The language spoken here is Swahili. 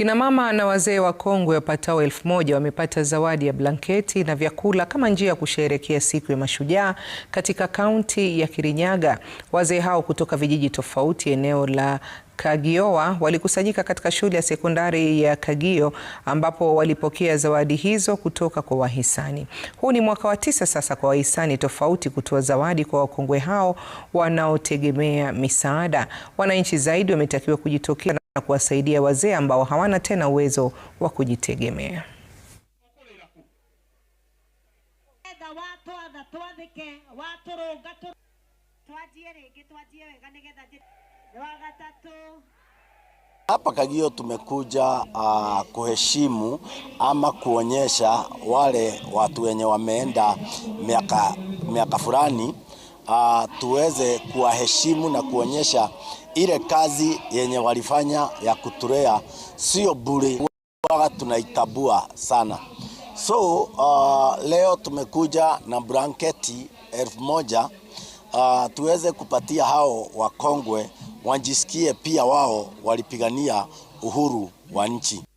Kina mama na wazee wa kongwe wapatao elfu moja wamepata zawadi ya blanketi na vyakula kama njia ya kusherehekea siku ya mashujaa katika kaunti ya Kirinyaga. Wazee hao kutoka vijiji tofauti eneo la kagioa walikusanyika katika shule ya sekondari ya Kagio ambapo walipokea zawadi hizo kutoka kwa wahisani. Huu ni mwaka wa tisa sasa kwa wahisani tofauti kutoa zawadi kwa wakongwe hao wanaotegemea misaada. Wananchi zaidi wametakiwa kujitokeza na kuwasaidia wazee ambao hawana tena uwezo wa kujitegemea. Hapa Kagio tumekuja uh, kuheshimu ama kuonyesha wale watu wenye wameenda miaka, miaka fulani uh, tuweze kuwaheshimu na kuonyesha ile kazi yenye walifanya ya kutulea sio bure, waga tunaitabua sana. So uh, leo tumekuja na blanketi elfu moja uh, tuweze kupatia hao wakongwe wajisikie pia wao walipigania uhuru wa nchi.